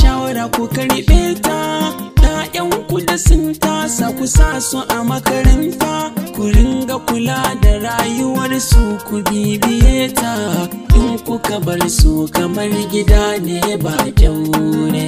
shawara ku karɓe ta ku da sun tasa ku sa su a makaranta ku ringa kula da rayuwarsu ku bibiye ta in kuka bar su kamar gida ne ba kyau ne.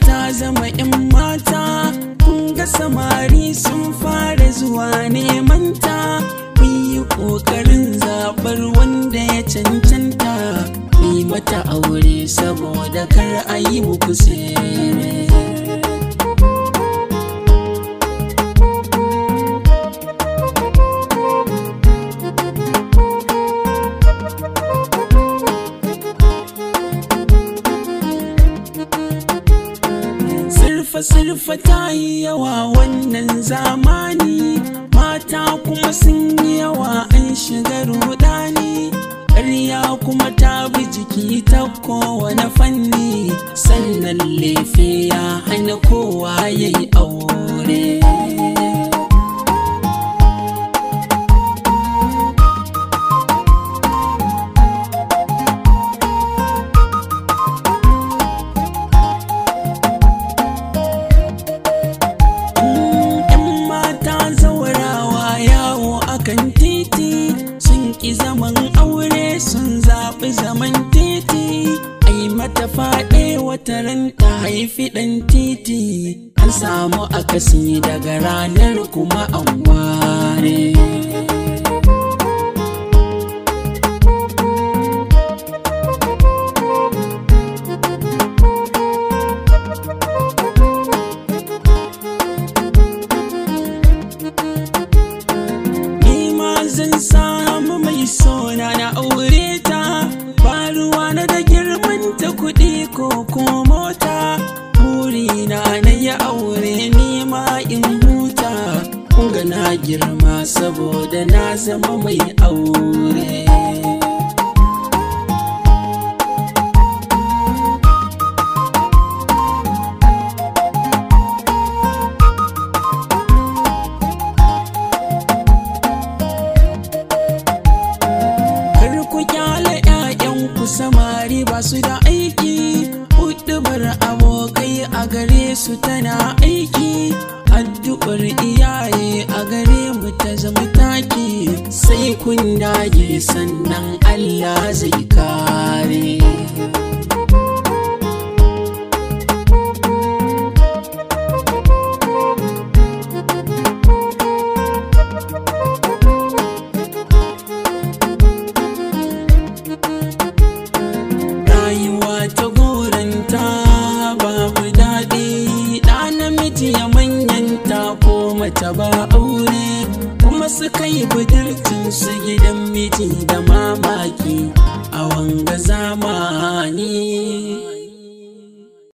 ta zama 'yan mata kun ga samari sun fara zuwa neman ta mun yi ƙoƙarin zabar wanda ya cancanta yi mata aure saboda kar a yi muku tsere fasulfa ta yi yawa wannan zamani mata kuma sun yi yawa an shiga rudani ƙarya kuma ta bi jiki ta kowane fanni sannan lefe ya hana ko wataran ta haifi ɗan titi an samu akasi daga ranar kuma an ware girma saboda na zama mai aure jaye a gare mu ta zama taki sai kun dage sannan Allah zai kare. Rayuwa ta goranta su kai budurcin su gidan miji da mamaki a wanga zamani